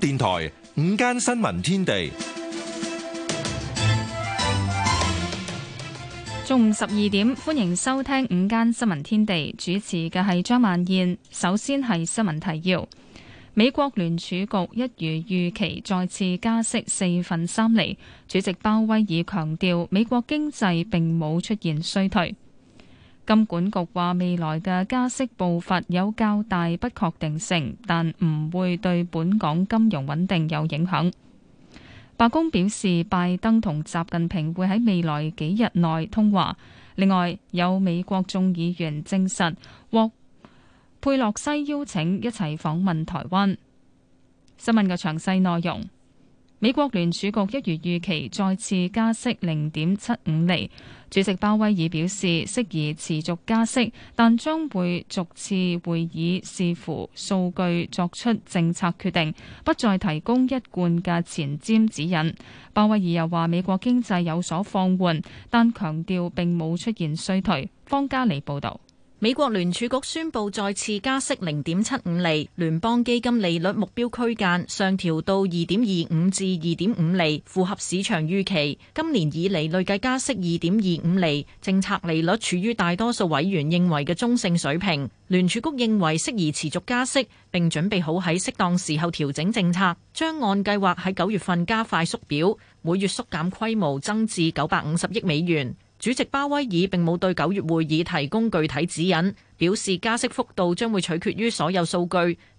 電台五間新聞天地，中午十二點，歡迎收聽五間新聞天地。主持嘅係張曼燕。首先係新聞提要：美國聯儲局一如預期再次加息四分三釐，主席鮑威爾強調美國經濟並冇出現衰退。金管局話，未來嘅加息步伐有較大不確定性，但唔會對本港金融穩定有影響。白宮表示，拜登同習近平會喺未來幾日內通話。另外，有美國眾議員證實獲佩洛西邀請一齊訪問台灣。新聞嘅詳細內容，美國聯儲局一如預期，再次加息零點七五釐。主席鮑威爾表示，適宜持續加息，但將會逐次會議視乎數據作出政策決定，不再提供一貫嘅前瞻指引。鮑威爾又話，美國經濟有所放緩，但強調並冇出現衰退。方嘉莉報道。美國聯儲局宣布再次加息零點七五厘，聯邦基金利率目標區間上調到二點二五至二點五厘，符合市場預期。今年以嚟累計加息二點二五厘，政策利率處於大多數委員認為嘅中性水平。聯儲局認為適宜持續加息，並準備好喺適當時候調整政策，將按計劃喺九月份加快縮表，每月縮減規模增至九百五十億美元。主席鮑威爾並冇對九月會議提供具體指引，表示加息幅度將會取決於所有數據。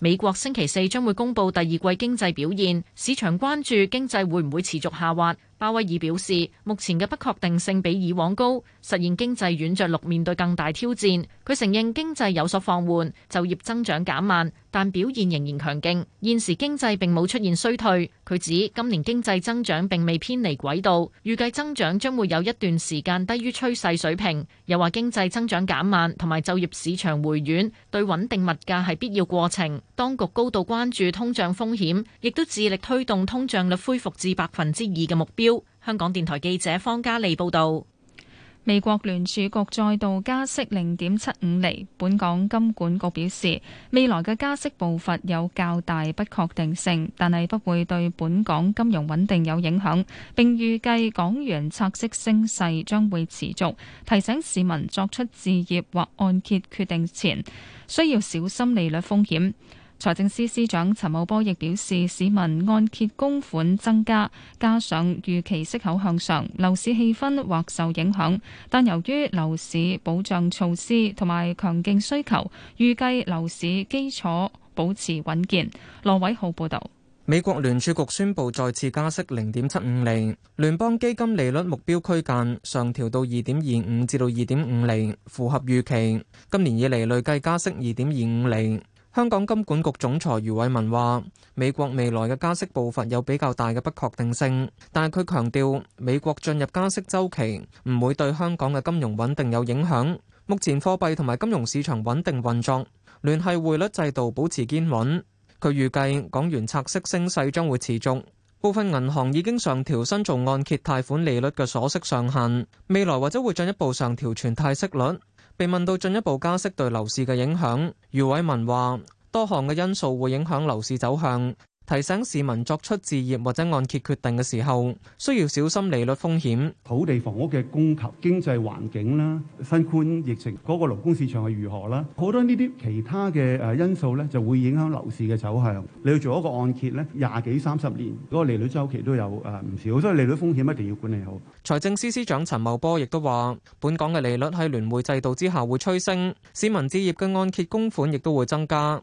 美國星期四將會公布第二季經濟表現，市場關注經濟會唔會持續下滑。鮑威爾表示，目前嘅不確定性比以往高，實現經濟軟著陸面對更大挑戰。佢承認經濟有所放緩，就業增長減慢。但表現仍然強勁，現時經濟並冇出現衰退。佢指今年經濟增長並未偏離軌道，預計增長將會有一段時間低於趨勢水平。又話經濟增長減慢同埋就業市場回軟，對穩定物價係必要過程。當局高度關注通脹風險，亦都致力推動通脹率恢復至百分之二嘅目標。香港電台記者方嘉利報導。美國聯儲局再度加息零點七五厘，本港金管局表示，未來嘅加息步伐有較大不確定性，但係不會對本港金融穩定有影響，並預計港元拆息升勢將會持續，提醒市民作出置業或按揭決定前，需要小心利率風險。財政司司長陳茂波亦表示，市民按揭供款增加，加上預期息口向上，樓市氣氛或受影響。但由於樓市保障措施同埋強勁需求，預計樓市基礎保持穩健。羅偉浩報導。美國聯儲局宣布再次加息零點七五厘，聯邦基金利率目標區間上調到二點二五至到二點五厘，符合預期。今年以嚟累計加息二點二五厘。香港金管局總裁余偉文話，美國未來嘅加息步伐有比較大嘅不確定性，但係佢強調，美國進入加息周期唔會對香港嘅金融穩定有影響。目前貨幣同埋金融市場穩定運作，聯繫匯率制度保持堅穩。佢預計港元拆息升勢將會持續，部分銀行已經上調新造按揭貸款利率嘅鎖息上限，未來或者會進一步上調存貸息率。被問到進一步加息對樓市嘅影響，余偉文話：多項嘅因素會影響樓市走向。提醒市民作出置業或者按揭決定嘅時候，需要小心利率風險。土地房屋嘅供求、經濟環境啦、新冠疫情嗰個勞工市場係如何啦，好多呢啲其他嘅誒因素咧，就會影響樓市嘅走向。你要做一個按揭咧，廿幾三十年嗰個利率週期都有誒唔少，所以利率風險一定要管理好。財政司司長陳茂波亦都話本港嘅利率喺聯匯制度之下會催升，市民置業嘅按揭供款亦都會增加。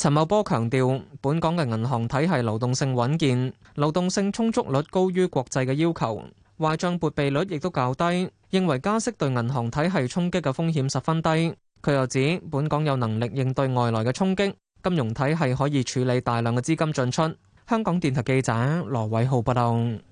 陳茂波強調，本港嘅銀行體系流動性穩健，流動性充足率高於國際嘅要求，壞賬撥備率亦都較低，認為加息對銀行體系衝擊嘅風險十分低。佢又指，本港有能力應對外來嘅衝擊，金融體系可以處理大量嘅資金進出。香港電台記者羅偉浩報道。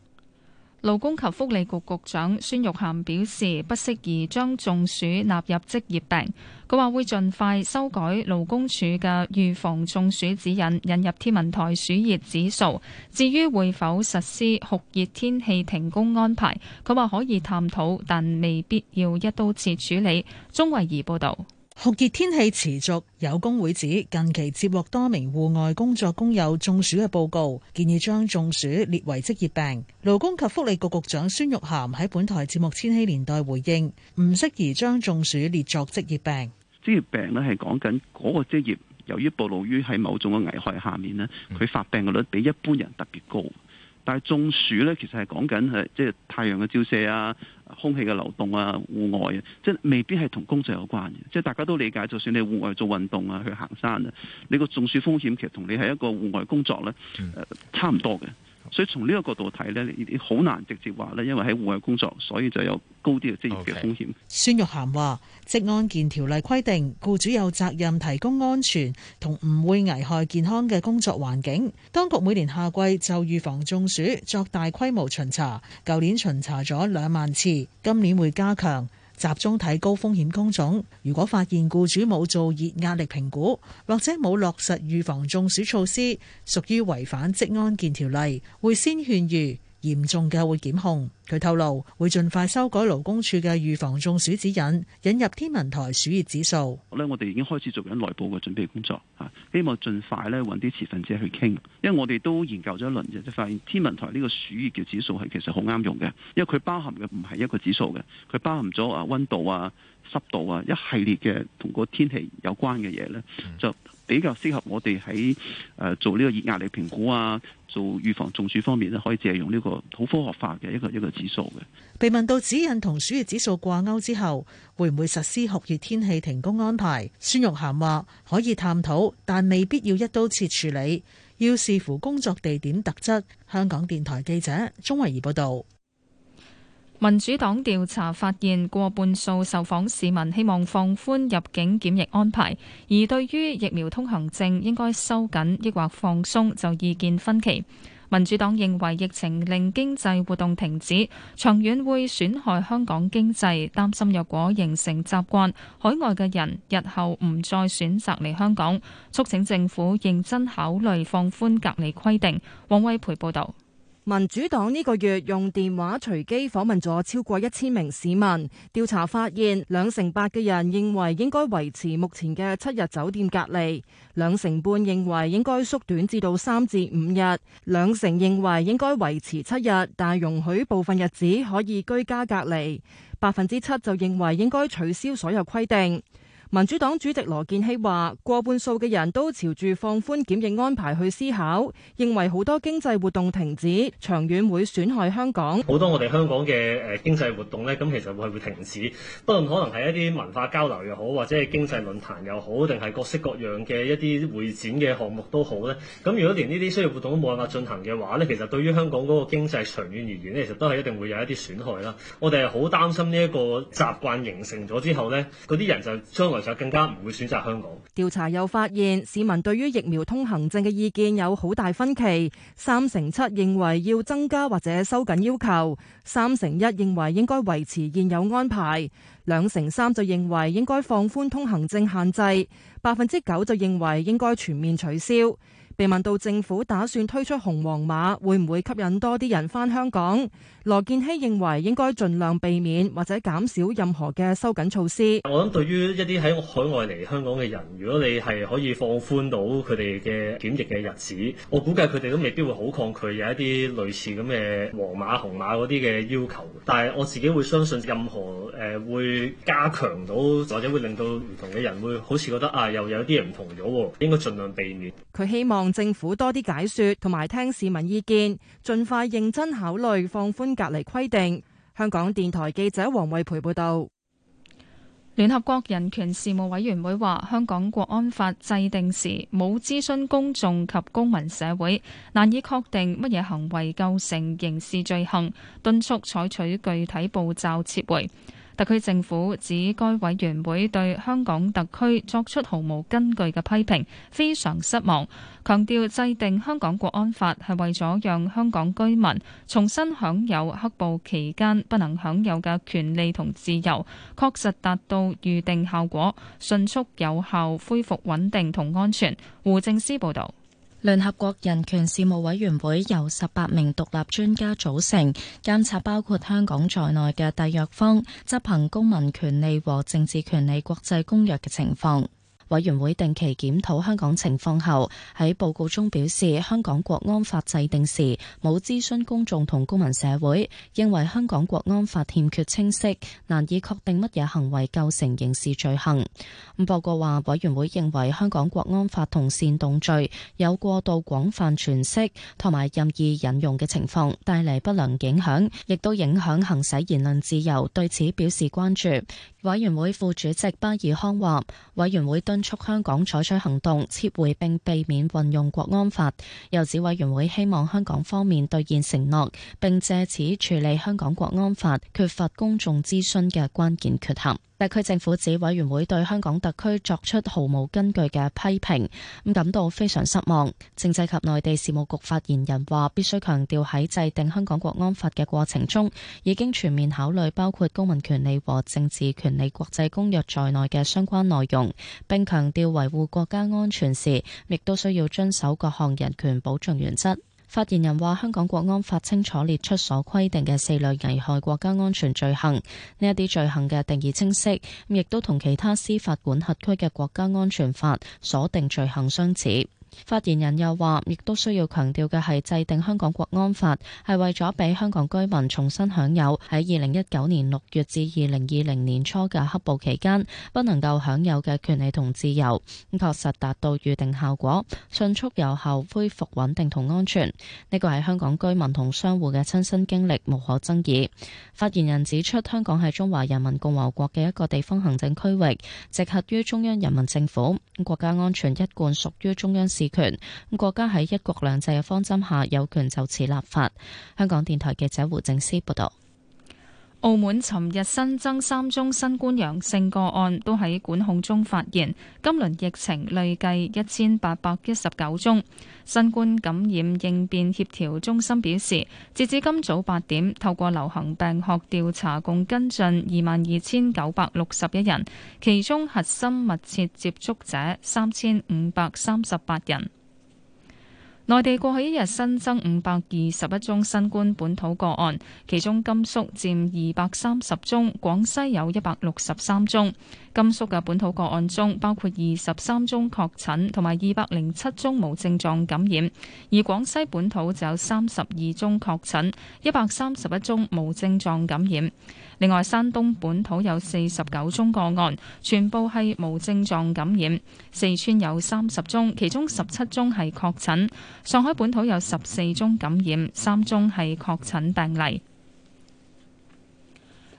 勞工及福利局局長孫玉菡表示，不適宜將中暑納入職業病。佢話會盡快修改勞工處嘅預防中暑指引，引入天文台暑熱指數。至於會否實施酷熱天氣停工安排，佢話可以探討，但未必要一刀切處理。鍾慧儀報道。酷熱天氣持續，有工會指近期接獲多名戶外工作工友中暑嘅報告，建議將中暑列為職業病。勞工及福利局局，局長孫玉菡喺本台節目《千禧年代》回應：唔適宜將中暑列作職業病。職業病呢係講緊嗰個職業，由於暴露於喺某種嘅危害下面呢，佢發病率比一般人特別高。但係中暑呢，其實係講緊係即係太陽嘅照射啊。空氣嘅流動啊，戶外啊，即係未必係同工作有關嘅。即係大家都理解，就算你戶外做運動啊，去行山啊，你個中暑風險其實同你係一個戶外工作咧，誒、呃，差唔多嘅。所以從呢一個角度睇，呢啲好難直接話呢，因為喺戶外工作，所以就有高啲嘅職業嘅風險。Okay. 孫玉菡話：職安健條例規定，僱主有責任提供安全同唔會危害健康嘅工作環境。當局每年夏季就預防中暑，作大規模巡查，舊年巡查咗兩萬次，今年會加強。集中睇高風險工種，如果發現僱主冇做熱壓力評估，或者冇落實預防中暑措施，屬於違反職安健條例，會先勸喻。嚴重嘅會檢控。佢透露會盡快修改勞工處嘅預防中暑指引，引入天文台暑熱指數。我哋已經開始做緊內部嘅準備工作，啊，希望盡快咧揾啲持份者去傾。因為我哋都研究咗一輪嘅，就發現天文台呢個暑熱嘅指數係其實好啱用嘅，因為佢包含嘅唔係一個指數嘅，佢包含咗啊溫度啊、濕度啊一系列嘅同個天氣有關嘅嘢咧，就。比較適合我哋喺誒做呢個熱壓力評估啊，做預防中暑方面咧，可以借用呢個好科學化嘅一個一個指數嘅。被問到指引同暑熱指數掛鈎之後，會唔會實施酷熱天氣停工安排？孫玉菡話可以探討，但未必要一刀切處理，要視乎工作地點特質。香港電台記者鍾維儀報道。民主黨調查發現，過半數受訪市民希望放寬入境檢疫安排，而對於疫苗通行證應該收緊抑或放鬆，就意見分歧。民主黨認為疫情令經濟活動停止，長遠會損害香港經濟，擔心若果形成習慣，海外嘅人日後唔再選擇嚟香港，促請政府認真考慮放寬隔離規定。王威培報導。民主黨呢個月用電話隨機訪問咗超過一千名市民，調查發現，兩成八嘅人認為應該維持目前嘅七日酒店隔離，兩成半認為應該縮短至到三至五日，兩成認為應該維持七日，但容許部分日子可以居家隔離，百分之七就認為應該取消所有規定。民主黨主席羅健熙話：過半數嘅人都朝住放寬檢疫安排去思考，認為好多經濟活動停止，長遠會損害香港。好多我哋香港嘅誒經濟活動呢，咁其實係會停止。不過可能係一啲文化交流又好，或者係經濟論壇又好，定係各式各樣嘅一啲會展嘅項目都好呢。咁如果連呢啲商業活動都冇辦法進行嘅話呢，其實對於香港嗰個經濟長遠而言咧，其實都係一定會有一啲損害啦。我哋係好擔心呢一個習慣形成咗之後呢，嗰啲人就將，就更加唔會選擇香港。調查又發現，市民對於疫苗通行證嘅意見有好大分歧。三成七認為要增加或者收緊要求，三成一認為應該維持現有安排，兩成三就認為應該放寬通行證限制，百分之九就認為應該全面取消。被問到政府打算推出紅黃碼，會唔會吸引多啲人返香港？羅健熙認為應該盡量避免或者減少任何嘅收緊措施。我諗對於一啲喺海外嚟香港嘅人，如果你係可以放寬到佢哋嘅檢疫嘅日子，我估計佢哋都未必會好抗拒有一啲類似咁嘅黃馬紅馬嗰啲嘅要求。但係我自己會相信任何誒會加強到或者會令到唔同嘅人會好似覺得啊又有啲人唔同咗，應該盡量避免。佢希望政府多啲解說同埋聽市民意見，盡快認真考慮放寬。隔離規定，香港電台記者黃慧培報道。聯合國人權事務委員會話，香港國安法制定時冇諮詢公眾及公民社會，難以確定乜嘢行為構成刑事罪行，敦促採取具體步驟撤回。特區政府指，該委員會對香港特區作出毫無根據嘅批評，非常失望，強調制定香港國安法係為咗讓香港居民重新享有黑暴期間不能享有嘅權利同自由，確實達到預定效果，迅速有效恢復穩定同安全。胡政司報導。聯合國人權事務委員會由十八名獨立專家組成，監察包括香港在內嘅締約方執行《公民權利和政治權利國際公約》嘅情況。委員會定期檢討香港情況後，喺報告中表示，香港國安法制定時冇諮詢公眾同公民社會，認為香港國安法欠缺清晰，難以確定乜嘢行為構成刑事罪行。咁報告話，委員會認為香港國安法同煽動罪有過度廣泛詮釋同埋任意引用嘅情況，帶嚟不良影響，亦都影響行使言論自由，對此表示關注。委員會副主席巴爾康話，委員會對。敦促香港採取行動撤回並避免運用國安法，又指委員會希望香港方面兌現承諾，並藉此處理香港國安法缺乏公眾諮詢嘅關鍵缺陷。特區政府指委員會對香港特區作出毫無根據嘅批評，咁感到非常失望。政制及內地事務局發言人話，必須強調喺制定香港國安法嘅過程中，已經全面考慮包括公民權利和政治權利國際公約在內嘅相關內容，並強調維護國家安全時，亦都需要遵守各項人權保障原則。發言人話：香港國安法清楚列出所規定嘅四類危害國家安全罪行，呢一啲罪行嘅定義清晰，亦都同其他司法管轄區嘅國家安全法所定罪行相似。發言人又話，亦都需要強調嘅係制定香港國安法係為咗俾香港居民重新享有喺二零一九年六月至二零二零年初嘅黑暴期間不能夠享有嘅權利同自由，咁確實達到預定效果，迅速有效恢復穩定同安全。呢個係香港居民同商戶嘅親身經歷，無可爭議。發言人指出，香港係中華人民共和國嘅一個地方行政區域，直轄於中央人民政府。國家安全一貫屬於中央事權。咁國家喺一國兩制嘅方針下有權就此立法。香港電台記者胡正思報道。澳門尋日新增三宗新冠陽性個案，都喺管控中發現。今輪疫情累計一千八百一十九宗。新冠感染應變協調中心表示，截至今早八點，透過流行病學調查共跟進二萬二千九百六十一人，其中核心密切接觸者三千五百三十八人。內地過去一日新增五百二十一宗新冠本土個案，其中甘肅佔二百三十宗，廣西有一百六十三宗。甘肅嘅本土個案中，包括二十三宗確診同埋二百零七宗無症狀感染；而廣西本土就有三十二宗確診，一百三十一宗無症狀感染。另外，山東本土有四十九宗個案，全部係無症狀感染。四川有三十宗，其中十七宗係確診。上海本土有十四宗感染，三宗係確診病例。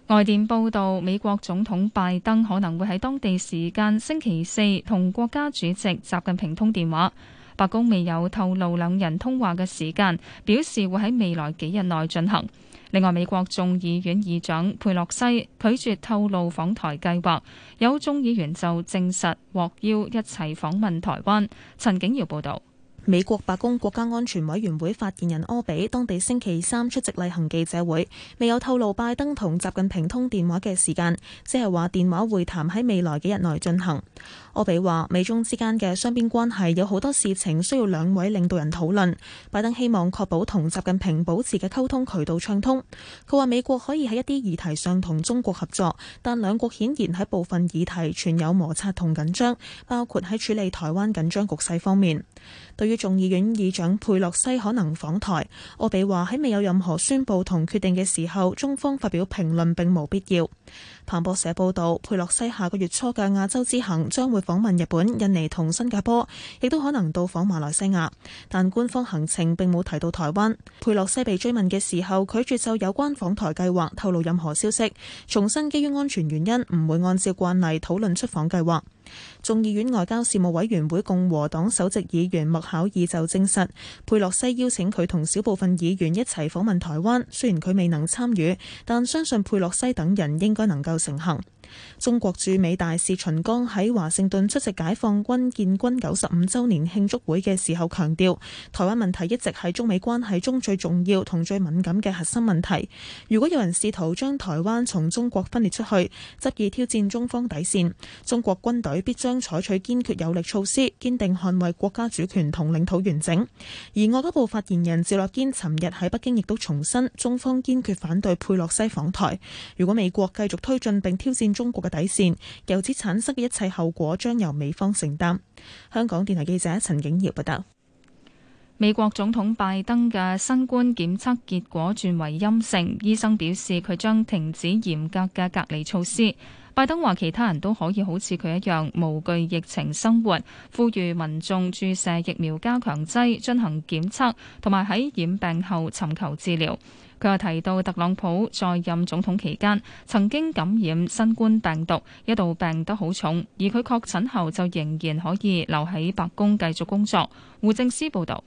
外電報導，美國總統拜登可能會喺當地時間星期四同國家主席習近平通電話。白宮未有透露兩人通話嘅時間，表示會喺未來幾日內進行。另外，美國眾議院議長佩洛西拒絕透露訪台計劃，有眾議員就證實獲邀一齊訪問台灣。陳景瑤報道。美國白宮國家安全委員會發言人柯比當地星期三出席例行記者會，未有透露拜登同習近平通電話嘅時間，只係話電話會談喺未來幾日內進行。柯比話：美中之間嘅雙邊關係有好多事情需要兩位領導人討論。拜登希望確保同習近平保持嘅溝通渠道暢通。佢話美國可以喺一啲議題上同中國合作，但兩國顯然喺部分議題存有摩擦同緊張，包括喺處理台灣緊張局勢方面。對於眾議院議長佩洛西可能訪台，柯比話喺未有任何宣佈同決定嘅時候，中方發表評論並無必要。彭博社報導，佩洛西下個月初嘅亞洲之行將會訪問日本、印尼同新加坡，亦都可能到訪馬來西亞，但官方行程並冇提到台灣。佩洛西被追問嘅時候，拒絕就有關訪台計劃透露任何消息，重申基於安全原因，唔會按照慣例討論出訪計劃。眾議院外交事務委員會共和黨首席議員麥考爾就證實，佩洛西邀請佢同小部分議員一齊訪問台灣，雖然佢未能參與，但相信佩洛西等人應該能夠成行。中國駐美大使秦剛喺華盛頓出席解放軍建軍九十五周年慶祝會嘅時候強調，台灣問題一直係中美關係中最重要同最敏感嘅核心問題。如果有人試圖將台灣從中國分裂出去，執意挑戰中方底線，中國軍隊必將採取堅決有力措施，堅定捍衛國家主權同領土完整。而外交部發言人趙立堅尋日喺北京亦都重申，中方堅決反對佩洛西訪台。如果美國繼續推進並挑戰，中國嘅底線，由此產生嘅一切後果將由美方承擔。香港電台記者陳景耀報道。美國總統拜登嘅新冠檢測結果轉為陰性，醫生表示佢將停止嚴格嘅隔離措施。拜登話其他人都可以好似佢一樣無懼疫情生活，呼籲民眾注射疫苗加強劑、進行檢測同埋喺染病後尋求治療。佢又提到，特朗普在任總統期間曾經感染新冠病毒，一度病得好重，而佢確診後就仍然可以留喺白宮繼續工作。胡正思報道。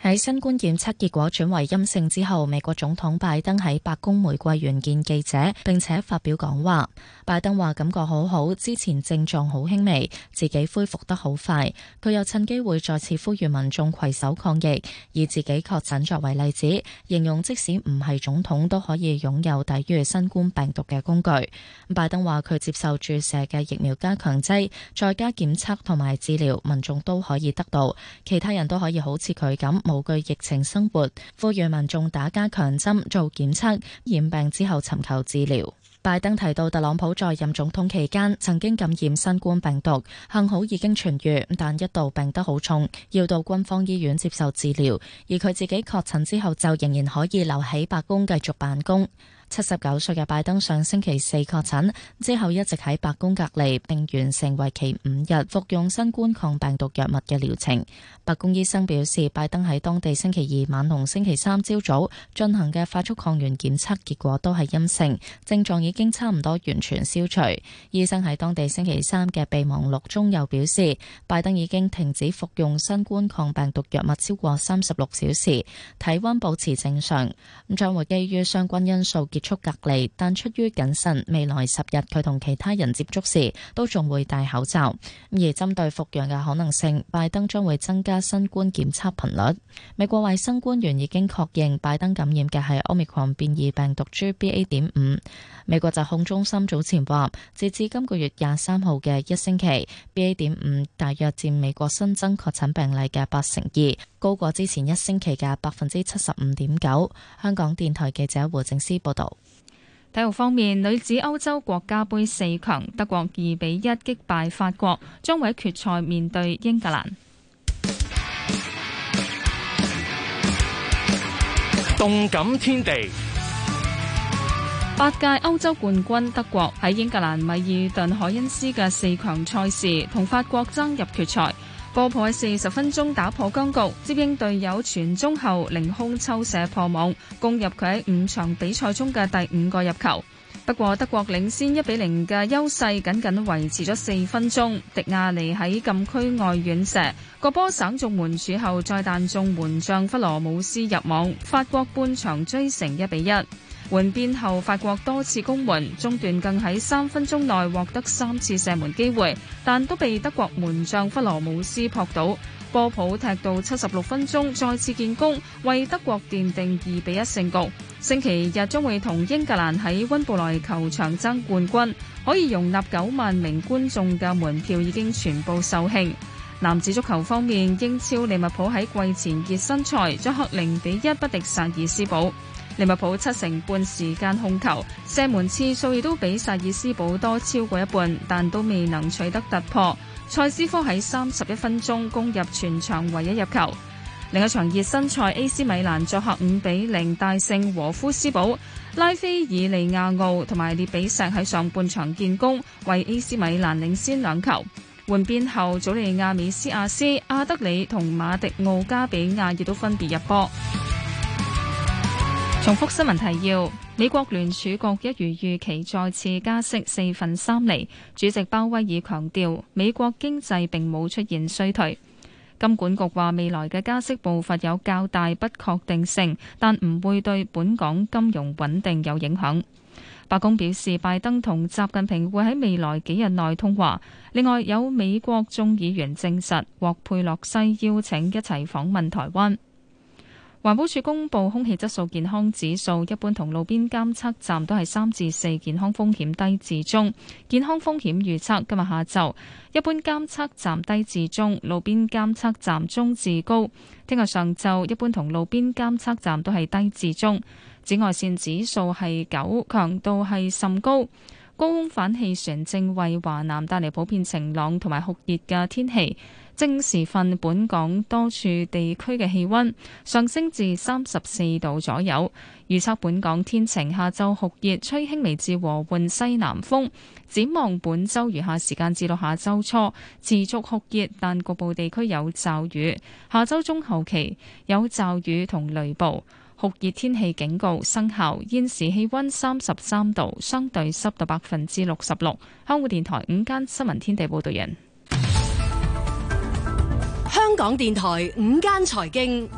喺新冠檢測結果轉為陰性之後，美國總統拜登喺白宮玫瑰園見記者，並且發表講話。拜登話感覺好好，之前症狀好輕微，自己恢復得好快。佢又趁機會再次呼籲民眾携手抗疫，以自己確診作為例子，形容即使唔係總統都可以擁有抵御新冠病毒嘅工具。拜登話佢接受注射嘅疫苗加強劑，再加檢測同埋治療，民眾都可以得到，其他人都可以好似佢咁無懼疫情生活。呼籲民眾打加強針、做檢測、染病之後尋求治療。拜登提到，特朗普在任總統期間曾經感染新冠病毒，幸好已經痊癒，但一度病得好重，要到軍方醫院接受治療，而佢自己確診之後就仍然可以留喺白宮繼續辦公。七十九歲嘅拜登上星期四確診，之後，一直喺白宮隔離並完成為期五日服用新冠抗病毒藥物嘅療程。白宮醫生表示，拜登喺當地星期二晚同星期三朝早進行嘅快速抗原檢測結果都係陰性，症狀已經差唔多完全消除。醫生喺當地星期三嘅備忘錄中又表示，拜登已經停止服用新冠抗病毒藥物超過三十六小時，體温保持正常。咁將會基於相關因素，結束隔離，但出於謹慎，未來十日佢同其他人接觸時都仲會戴口罩。而針對復陽嘅可能性，拜登將會增加新冠檢測頻率。美國衛生官員已經確認拜登感染嘅係奧密克戎變異病毒株 BA. 點五。美國疾控中心早前話，截至今個月廿三號嘅一星期，BA. 點五大約佔美國新增確診病例嘅八成二，高過之前一星期嘅百分之七十五點九。香港電台記者胡靜思報道。體育方面，女子歐洲國家杯四強，德國二比一擊敗法國，將會喺決賽面對英格蘭。動感天地，八屆歐洲冠軍德國喺英格蘭米爾頓海恩斯嘅四強賽事同法國爭入決賽。波普喺四十分鐘打破僵局，接應隊友傳中後凌空抽射破網，攻入佢喺五場比賽中嘅第五個入球。不過德國領先一比零嘅優勢僅僅，僅維持咗四分鐘，迪亞尼喺禁區外遠射，個波省中門柱後再彈中門將弗，弗羅姆斯入網，法國半場追成一比一。換邊後，法國多次攻門，中段更喺三分鐘內獲得三次射門機會，但都被德國門將弗羅姆斯撲倒。波普踢到七十六分鐘，再次建功，為德國奠定二比一勝局。星期日將會同英格蘭喺温布萊球場爭冠軍，可以容納九萬名觀眾嘅門票已經全部售罄。男子足球方面，英超利物浦喺季前熱身賽作客零比一不敵薩爾斯堡。利物浦七成半時間控球，射門次數亦都比薩爾斯堡多超過一半，但都未能取得突破。塞斯科喺三十一分鐘攻入全場唯一入球。另一場熱身賽，AC 米蘭作客五比零大勝和夫斯堡，拉菲爾尼亞奧同埋列比石喺上半場建功，為 AC 米蘭領先兩球。換邊後，祖利亞美斯亞斯、阿德里同馬迪奧加比亞亦都分別入波。重複新聞提要：美國聯儲局一如預期再次加息四分三厘，主席鮑威爾強調美國經濟並冇出現衰退。金管局話未來嘅加息步伐有較大不確定性，但唔會對本港金融穩定有影響。白宮表示拜登同習近平會喺未來幾日內通話。另外有美國眾議員證實獲佩洛西邀請一齊訪問台灣。環保署公布空氣質素健康指數，一般同路邊監測站都係三至四，健康風險低至中。健康風險預測今日下晝一般監測站低至中，路邊監測站中至高。聽日上晝一般同路邊監測站都係低至中。紫外線指數係九，強度係甚高。高空反氣旋正為華南帶嚟普遍晴朗同埋酷熱嘅天氣。正時分，本港多處地區嘅氣温上升至三十四度左右。預測本港天晴，下週酷熱，吹輕微至和緩西南風。展望本週餘下時間至到下周初持續酷熱，但局部地區有驟雨。下周中後期有驟雨同雷暴。酷熱天氣警告生效。現時氣温三十三度，相對濕度百分之六十六。香港電台午間新聞天地報道完。香港電台午間財經。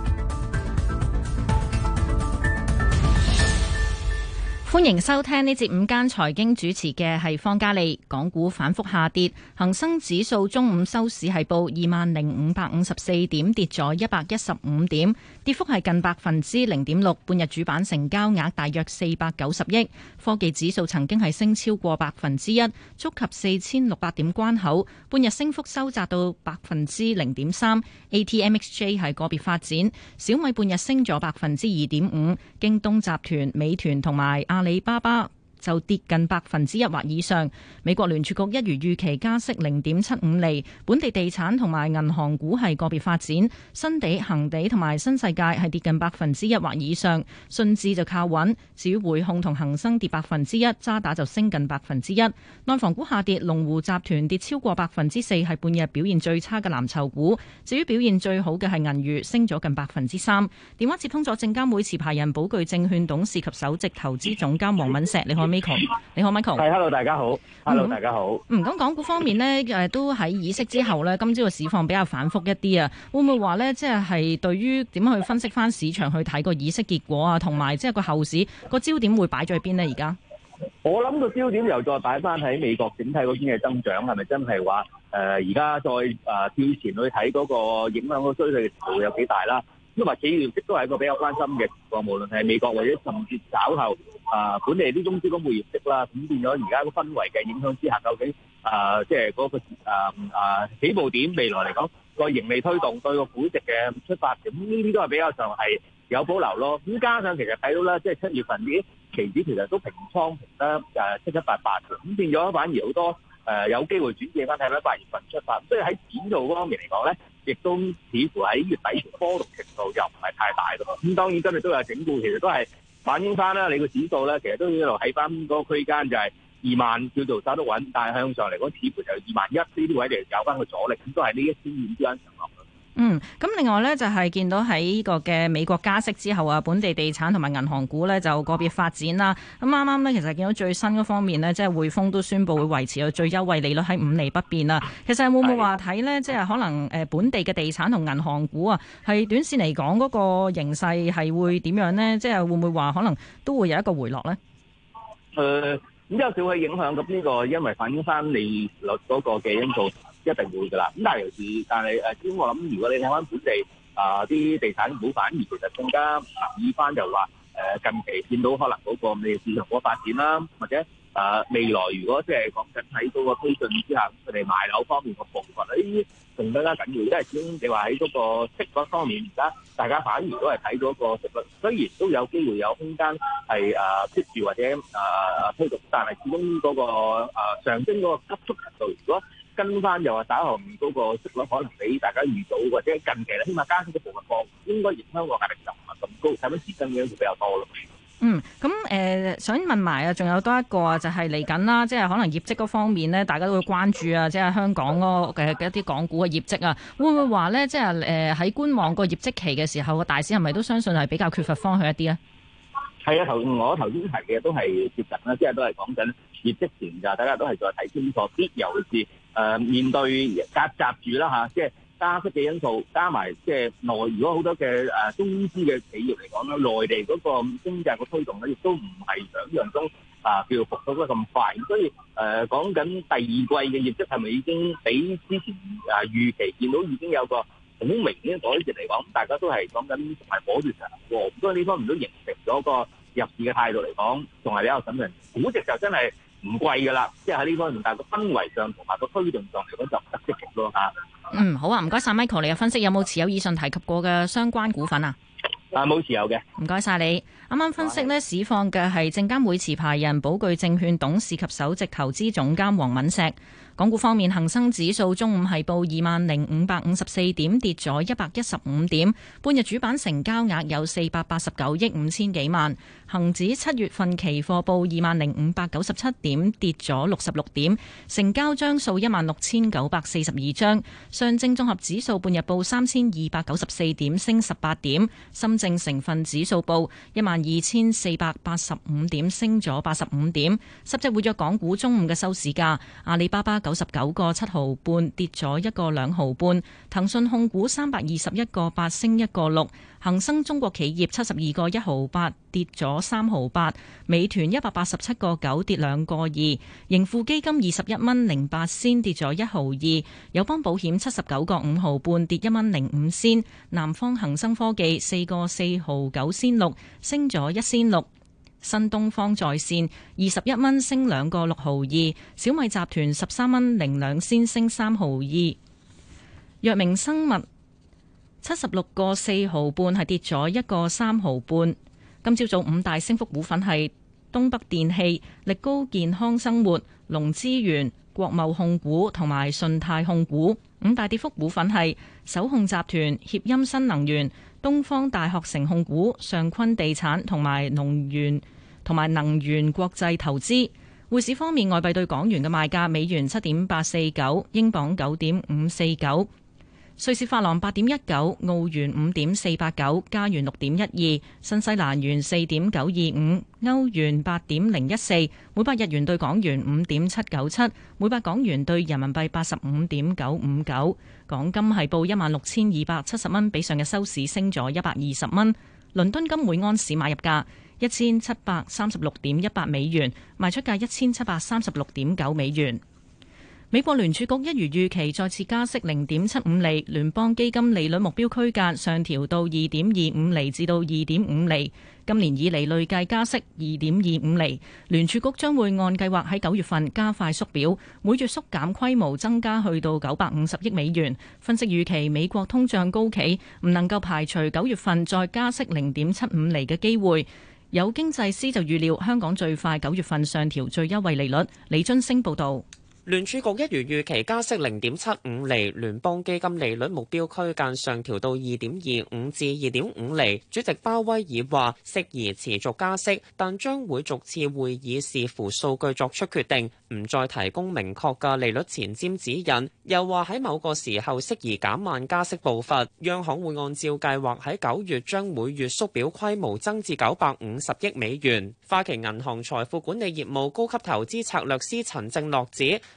歡迎收聽呢節午間財經主持嘅係方嘉利。港股反覆下跌，恒生指數中午收市係報二萬零五百五十四點，跌咗一百一十五點，跌幅係近百分之零點六。半日主板成交額,額大約四百九十億。科技指數曾經係升超過百分之一，觸及四千六百點關口，半日升幅收窄到百分之零點三。A T M X J 係個別發展，小米半日升咗百分之二點五，京東集團、美團同埋阿里巴巴，就跌近百分之一或以上。美國聯儲局一如預期加息零點七五厘。本地地產同埋銀行股係個別發展，新地、恒地同埋新世界係跌近百分之一或以上。信置就靠穩。至於匯控同恒生跌百分之一，渣打就升近百分之一。內房股下跌，龍湖集團跌超過百分之四，係半日表現最差嘅藍籌股。至於表現最好嘅係銀娛，升咗近百分之三。電話接通咗證監會持牌人寶鉅證券董事及首席投資總監黃敏碩，你好。Michael，你好，Michael。係，Hello，大家好。Hello，大家好。嗯，咁港股方面咧，誒、呃，都喺議息之後咧，今朝嘅市況比較反覆一啲啊。會唔會話咧，即係對於點樣去分析翻市場，去睇個議息結果啊，同埋即係個後市個焦點會擺咗喺邊呢？而家我諗個焦點又再擺翻喺美國整體個經濟增長，係咪真係話誒？而、呃、家再啊，之、呃、前去睇嗰個影響個衰退嘅程度有幾大啦，都話企業業績都係一個比較關心嘅情況，無論係美國或者甚至稍後啊，本地啲中資公務業績啦，咁變咗而家個氛圍嘅影響之下，究竟啊，即係嗰個啊啊起步點未來嚟講個盈利推動對個估值嘅出發點，呢啲都係比較上係有保留咯。咁加上其實睇到咧，即係七月份啲期指其實都平倉平得，誒七七八八咁，變咗反而好多誒有機會轉借翻睇翻八月份出發。咁所以喺展圖嗰方面嚟講咧。亦都似乎喺月底嘅波動程度就唔係太大咯，咁當然今日都有整固，其實都係反映翻啦。你個指數咧，其實都一路喺翻個區間，就係二萬叫做走得穩，但係向上嚟講，似乎就二萬一呢啲位嚟搞翻個阻力，咁都係呢一線之間上落。嗯，咁另外呢，就係見到喺呢個嘅美國加息之後啊，本地地產同埋銀行股呢就個別發展啦。咁啱啱呢，其實見到最新嗰方面呢，即係匯豐都宣布會維持到最優惠利率喺五厘不變啦。其實會唔會話睇呢？即係可能誒本地嘅地產同銀行股啊，係短線嚟講嗰個形勢係會點樣呢？即係會唔會話可能都會有一個回落呢？誒，咁之後佢會影響咁呢個，因為反映翻利率嗰個嘅因素。一定會噶啦，咁但係尤其是，但係誒，咁我諗如果你睇翻本地啊啲地產股，反而其實更加留意翻，就話誒近期見到可能嗰個未市場個發展啦，或者誒未來如果即係講緊睇到個推進之下，咁佢哋賣樓方面個步伐呢，仲更加緊要，因為始終你話喺嗰個息率方面，而家大家反而都係睇到個息率，雖然都有機會有空間係誒跌住或者誒推動，但係始終嗰個誒上升個急速程度如果。跟翻又話打後面嗰個息率可能畀大家預到，或者近期咧，起碼加息嘅部分方應該影響個壓力就唔係咁高，睇翻時薪嘅會比較多咯。嗯，咁、呃、誒想問埋啊，仲有多一個啊，就係嚟緊啦，即係可能業績嗰方面咧，大家都會關注啊，即係香港嗰嘅一啲港股嘅業績啊，會唔會話咧，即係誒喺觀望個業績期嘅時候，個大市係咪都相信係比較缺乏方向一啲咧？係啊，頭我頭先提嘅都係接近啦，即係都係講緊業績前噶，大家都係再睇清楚，尤其係。誒面對夾雜住啦嚇，即係加息嘅因素，加埋即係內如果好多嘅誒中資嘅企業嚟講啦，內地嗰個經濟嘅推動咧，亦都唔係想象中啊叫做復甦得咁快。所以誒講緊第二季嘅業績係咪已經比之前誒預期見到已經有個？好明咧，短期嚟講，大家都係講緊係火熱上，所以呢方面都形成咗個入市嘅態度嚟講，仲係比較緊張。估值就真係唔貴噶啦，即係喺呢方面，但係個氛圍上同埋個推動上嚟講就唔得識嘅咯嚇。嗯，好啊，唔該晒。Michael，你嘅分析有冇持有以上提及過嘅相關股份啊？啊，冇持有嘅。唔該晒。你。啱啱分析呢市況嘅係證監會持牌人寶具證券董事及首席投資總監黃敏石。港股方面，恒生指數中午係報二萬零五百五十四點，跌咗一百一十五點。半日主板成交額有四百八十九億五千幾萬。恒指七月份期貨報二萬零五百九十七點，跌咗六十六點，成交張數一萬六千九百四十二張。上證綜合指數半日報三千二百九十四點，升十八點。深證成分指數報一萬二千四百八十五點，升咗八十五點。十隻活躍港股中午嘅收市價：阿里巴巴九十九個七毫半，跌咗一個兩毫半；騰訊控股三百二十一個八，升一個六；恒生中國企業七十二個一毫八，跌咗。三毫八，美團一百八十七個九跌兩個二，盈富基金二十一蚊零八先跌咗一毫二，友邦保險七十九個五毫半跌一蚊零五先，南方恒生科技四個四毫九先六升咗一先六，新東方在線二十一蚊升兩個六毫二，小米集團十三蚊零兩先升三毫二，藥明生物七十六個四毫半係跌咗一個三毫半。今朝早五大升幅股份係東北電器、力高健康生活、農資源、國貿控股同埋信泰控股。五大跌幅股份係首控集團、協鑫新能源、東方大學城控股、上坤地產同埋農源同埋能源國際投資。匯市方面，外幣對港元嘅賣價，美元七點八四九，英鎊九點五四九。瑞士法郎八點一九，澳元五點四八九，加元六點一二，新西蘭元四點九二五，歐元八點零一四，每百日元對港元五點七九七，每百港元對人民幣八十五點九五九。港金係報一萬六千二百七十蚊，比上日收市升咗一百二十蚊。倫敦金每安士買入價一千七百三十六點一八美元，賣出價一千七百三十六點九美元。美國聯儲局一如預期再次加息零點七五厘，聯邦基金利率目標區間上調到二點二五厘至到二點五厘。今年以嚟累計加息二點二五厘。聯儲局將會按計劃喺九月份加快縮表，每月縮減規模增加去到九百五十億美元。分析預期美國通脹高企，唔能夠排除九月份再加息零點七五厘嘅機會。有經濟師就預料香港最快九月份上調最優惠利率。李津星報道。聯儲局一如預期加息零點七五厘，聯邦基金利率目標區間上調到二點二五至二點五厘。主席鮑威爾話：適宜持續加息，但將會逐次會議視乎數據作出決定，唔再提供明確嘅利率前瞻指引。又話喺某個時候適宜減慢加息步伐。央行會按照計劃喺九月將每月縮表規模增至九百五十億美元。花旗銀行財富管理業務高級投資策略師陳正樂指。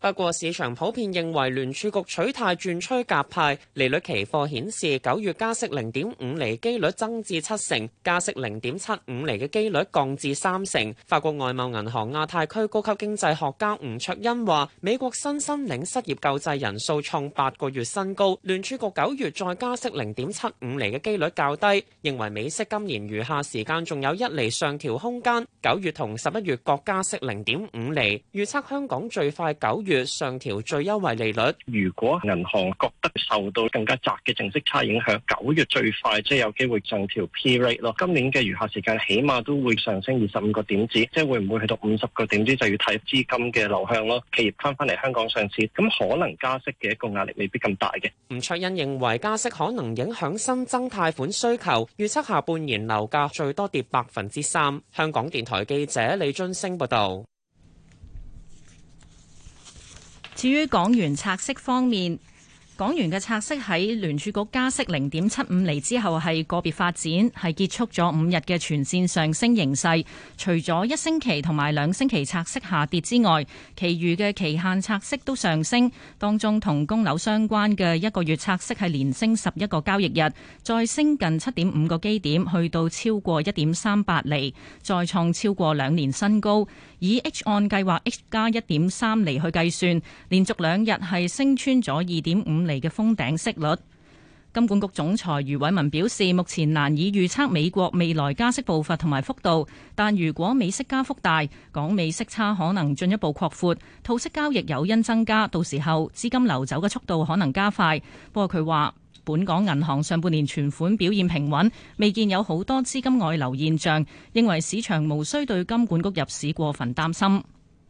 不過市場普遍認為聯儲局取態轉趨鴿派，利率期貨顯示九月加息零點五厘機率增至七成，加息零點七五厘嘅機率降至三成。法國外貿銀行亞太區高級經濟學家吳卓恩話：美國新申領失業救濟人數創八個月新高，聯儲局九月再加息零點七五厘嘅機率較低，認為美息今年餘下時間仲有一厘上調空間。九月同十一月各加息零點五厘，預測香港最快九月月上調最優惠利率，如果銀行覺得受到更加窄嘅淨息差影響，九月最快即係有機會上調 P rate 咯。今年嘅餘下時間起碼都會上升二十五個點子，即係會唔會去到五十個點子就要睇資金嘅流向咯。企業翻翻嚟香港上市，咁可能加息嘅一個壓力未必咁大嘅。吳卓欣認為加息可能影響新增貸款需求，預測下半年樓價最多跌百分之三。香港電台記者李津升報道。至於港元拆息方面，港元嘅拆息喺聯儲局加息零點七五厘之後，係個別發展，係結束咗五日嘅全線上升形勢。除咗一星期同埋兩星期拆息下跌之外，其餘嘅期限拆息都上升。當中同供樓相關嘅一個月拆息係連升十一個交易日，再升近七點五個基點，去到超過一點三八厘，再創超過兩年新高。以 H 按計劃 H 加一點三釐去計算，連續兩日係升穿咗二點五釐嘅封頂息率。金管局總裁余偉文表示，目前難以預測美國未來加息步伐同埋幅度，但如果美息加幅大，港美息差可能進一步擴闊，套息交易誘因增加，到時候資金流走嘅速度可能加快。不過佢話，本港銀行上半年存款表現平穩，未見有好多資金外流現象，認為市場無需對金管局入市過分擔心。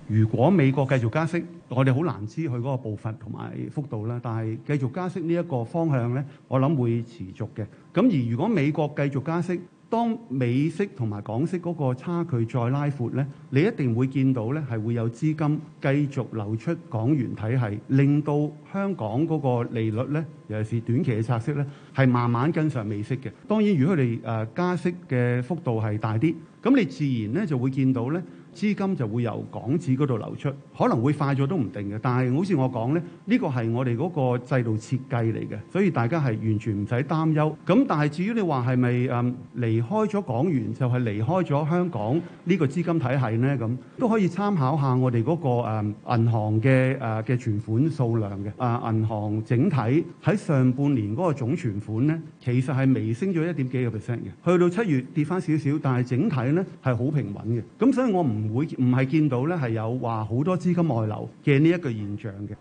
如果美國繼續加息，我哋好難知佢嗰個步伐同埋幅度啦。但係繼續加息呢一個方向呢，我諗會持續嘅。咁而如果美國繼續加息，當美息同埋港息嗰個差距再拉闊咧，你一定會見到咧，係會有資金繼續流出港元體系，令到香港嗰個利率咧，尤其是短期嘅拆息咧，係慢慢跟上美息嘅。當然，如果佢哋加息嘅幅度係大啲，咁你自然咧就會見到咧。資金就會由港紙嗰度流出，可能會快咗都唔定嘅。但係好似我講呢，呢個係我哋嗰個制度設計嚟嘅，所以大家係完全唔使擔憂。咁但係至於你話係咪誒離開咗港元就係、係、離開咗香港呢個資金體系呢？咁都可以參考下我哋嗰、嗰個誒、嗯、銀行嘅誒嘅存款數量嘅。啊，銀行整體喺上半年嗰個總存款呢，其實係微升咗一點幾個 percent 嘅。去到七月跌返少少，但係整體呢係好平穩嘅。咁所以我唔。唔會，唔係見到咧，係有話好多資金外流嘅呢一個現象嘅。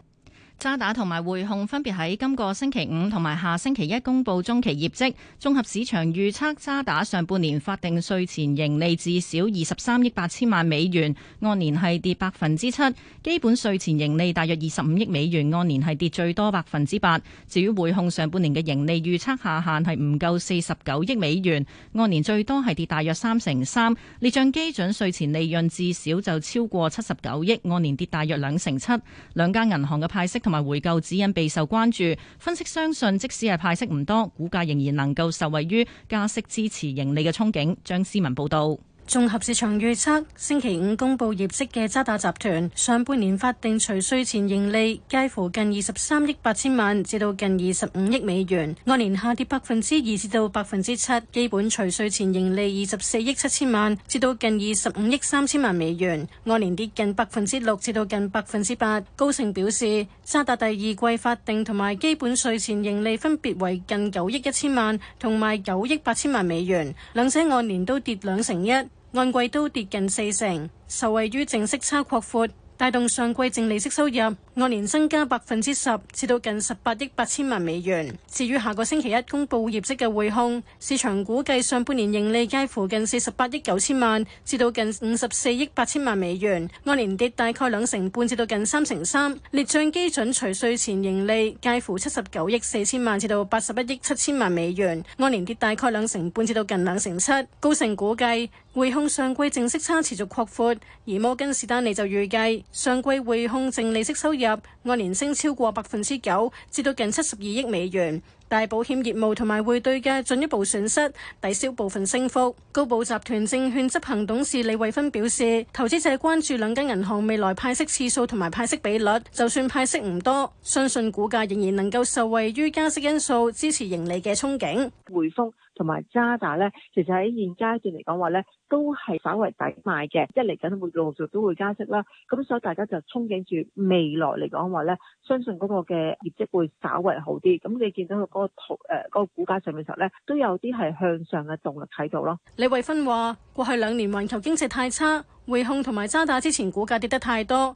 渣打同埋匯控分別喺今個星期五同埋下星期一公布中期業績。綜合市場預測，渣打上半年法定稅前盈利至少二十三億八千萬美元，按年係跌百分之七；基本稅前盈利大約二十五億美元，按年係跌最多百分之八。至於匯控上半年嘅盈利預測下限係唔夠四十九億美元，按年最多係跌大約三成三。列賬基準稅前利潤至少就超過七十九億，按年跌大約兩成七。兩家銀行嘅派息。同埋回購指引備受關注，分析相信即使係派息唔多，股價仍然能夠受惠於加息支持盈利嘅憧憬。張思文報道。綜合市場預測，星期五公布業績嘅渣打集團上半年法定除稅前盈利介乎近二十三億八千萬至到近二十五億美元，按年下跌百分之二至到百分之七，基本除稅前盈利二十四億七千萬至到近二十五億三千萬美元，按年跌近百分之六至到近百分之八。高盛表示，渣打第二季法定同埋基本稅前盈利分別為近九億一千萬同埋九億八千萬美元，兩者按年都跌兩成一。按季都跌近四成，受惠於淨息差擴闊，帶動上季淨利息收入按年增加百分之十，至到近十八億八千萬美元。至於下個星期一公布業績嘅匯控，市場估計上半年盈利介乎近四十八億九千萬至到近五十四億八千萬美元，按年跌大概兩成半至到近三成三。列帳基準除稅前盈利介乎七十九億四千萬至到八十一億七千萬美元，按年跌大概兩成半至到近兩成七。高盛估計。匯控上季淨息差持續擴闊，而摩根士丹利就預計上季匯控淨利息收入按年升超過百分之九，至到近七十二億美元。大保險業務同埋匯兌嘅進一步損失抵消部分升幅。高寶集團證券執行董事李慧芬表示，投資者關注兩間銀行未來派息次數同埋派息比率，就算派息唔多，相信股價仍然能夠受惠於加息因素支持盈利嘅憧憬。匯豐同埋渣打咧，其實喺現階段嚟講話咧，都係稍為抵買嘅。一嚟緊會陸續都會加息啦，咁所以大家就憧憬住未來嚟講話咧，相信嗰個嘅業績會稍為好啲。咁你見到佢嗰個圖，誒嗰個股價上面時候咧，都有啲係向上嘅動力喺度咯。李慧芬話：過去兩年環球經濟太差，匯控同埋渣打之前股價跌得太多。